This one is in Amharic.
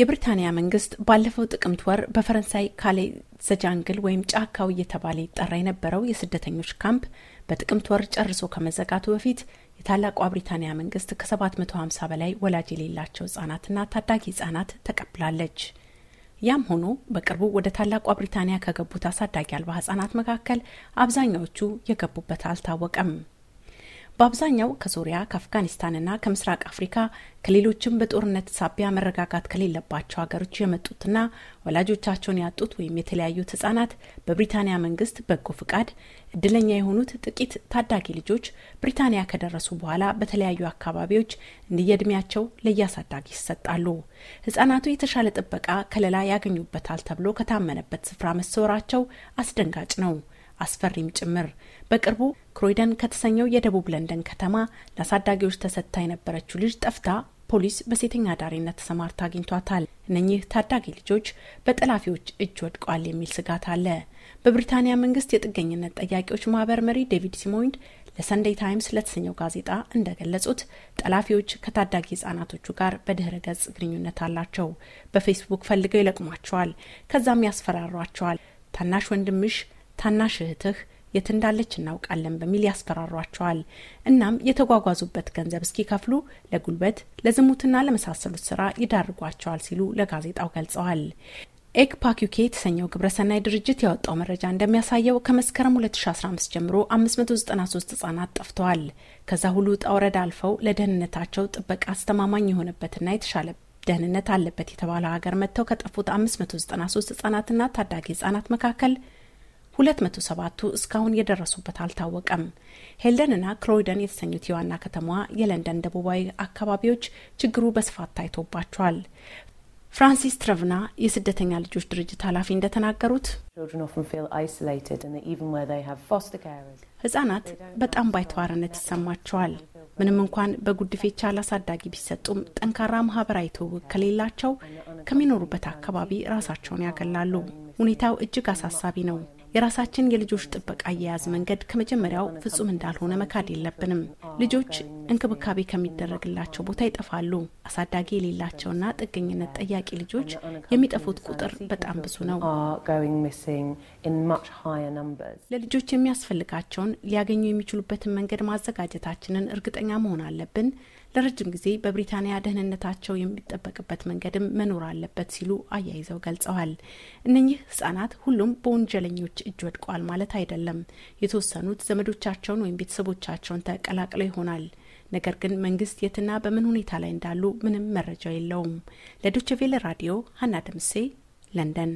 የብሪታንያ መንግስት ባለፈው ጥቅምት ወር በፈረንሳይ ካሌ ዘጃንግል ወይም ጫካው እየተባለ ይጠራ የነበረው የስደተኞች ካምፕ በጥቅምት ወር ጨርሶ ከመዘጋቱ በፊት የታላቋ ብሪታንያ መንግስት ከ750 በላይ ወላጅ የሌላቸው ህጻናትና ታዳጊ ህጻናት ተቀብላለች። ያም ሆኖ በቅርቡ ወደ ታላቋ ብሪታንያ ከገቡት አሳዳጊ አልባ ህጻናት መካከል አብዛኛዎቹ የገቡበት አልታወቀም። በአብዛኛው ከሶሪያ ከአፍጋኒስታንና ከምስራቅ አፍሪካ ከሌሎችም በጦርነት ሳቢያ መረጋጋት ከሌለባቸው ሀገሮች የመጡትና ወላጆቻቸውን ያጡት ወይም የተለያዩት ህጻናት በብሪታንያ መንግስት በጎ ፍቃድ እድለኛ የሆኑት ጥቂት ታዳጊ ልጆች ብሪታንያ ከደረሱ በኋላ በተለያዩ አካባቢዎች እንዲየእድሜያቸው ለያሳዳጊ ይሰጣሉ። ህጻናቱ የተሻለ ጥበቃ ከለላ ያገኙበታል ተብሎ ከታመነበት ስፍራ መሰወራቸው አስደንጋጭ ነው። አስፈሪም ጭምር። በቅርቡ ክሮይደን ከተሰኘው የደቡብ ለንደን ከተማ ለአሳዳጊዎች ተሰጥታ የነበረችው ልጅ ጠፍታ ፖሊስ በሴተኛ አዳሪነት ተሰማርታ አግኝቷታል። እነኚህ ታዳጊ ልጆች በጠላፊዎች እጅ ወድቋል የሚል ስጋት አለ። በብሪታንያ መንግስት የጥገኝነት ጠያቂዎች ማህበር መሪ ዴቪድ ሲሞይንድ ለሰንዴይ ታይምስ ለተሰኘው ጋዜጣ እንደገለጹት ጠላፊዎች ከታዳጊ ህጻናቶቹ ጋር በድህረ ገጽ ግንኙነት አላቸው። በፌስቡክ ፈልገው ይለቅሟቸዋል፣ ከዛም ያስፈራሯቸዋል። ታናሽ ወንድምሽ ታናሽ እህትህ የት እንዳለች እናውቃለን በሚል ያስፈራሯቸዋል። እናም የተጓጓዙበት ገንዘብ እስኪከፍሉ ለጉልበት ለዝሙትና ለመሳሰሉት ስራ ይዳርጓቸዋል ሲሉ ለጋዜጣው ገልጸዋል። ኤግ ፓኪኬ የተሰኘው ግብረሰናይ ድርጅት ያወጣው መረጃ እንደሚያሳየው ከመስከረም 2015 ጀምሮ 593 ህጻናት ጠፍተዋል። ከዛ ሁሉ ውጣ ውረድ አልፈው ለደህንነታቸው ጥበቃ አስተማማኝ የሆነበትና የተሻለ ደህንነት አለበት የተባለው ሀገር መጥተው ከጠፉት 593 ህጻናትና ታዳጊ ህጻናት መካከል 207ቱ እስካሁን የደረሱበት አልታወቀም። ሄልደንና ክሮይደን የተሰኙት የዋና ከተማዋ የለንደን ደቡባዊ አካባቢዎች ችግሩ በስፋት ታይቶባቸዋል። ፍራንሲስ ትረቭና የስደተኛ ልጆች ድርጅት ኃላፊ እንደተናገሩት ህጻናት በጣም ባይተዋርነት ይሰማቸዋል። ምንም እንኳን በጉድፌቻ ላሳዳጊ ቢሰጡም ጠንካራ ማህበራዊ ትውውቅ ከሌላቸው ከሚኖሩበት አካባቢ ራሳቸውን ያገላሉ። ሁኔታው እጅግ አሳሳቢ ነው። የራሳችን የልጆች ጥበቃ አያያዝ መንገድ ከመጀመሪያው ፍጹም እንዳልሆነ መካድ የለብንም። ልጆች እንክብካቤ ከሚደረግላቸው ቦታ ይጠፋሉ። አሳዳጊ የሌላቸውና ጥገኝነት ጠያቂ ልጆች የሚጠፉት ቁጥር በጣም ብዙ ነው። ለልጆች የሚያስፈልጋቸውን ሊያገኙ የሚችሉበትን መንገድ ማዘጋጀታችንን እርግጠኛ መሆን አለብን። ለረጅም ጊዜ በብሪታንያ ደህንነታቸው የሚጠበቅበት መንገድም መኖር አለበት ሲሉ አያይዘው ገልጸዋል። እነኚህ ህጻናት ሁሉም በወንጀለኞች እጅ ወድቋል ማለት አይደለም። የተወሰኑት ዘመዶቻቸውን ወይም ቤተሰቦቻቸውን ተቀላቅለው ይሆናል። ነገር ግን መንግስት የትና በምን ሁኔታ ላይ እንዳሉ ምንም መረጃ የለውም። ለዶችቬለ ራዲዮ ሀና ደምሴ ለንደን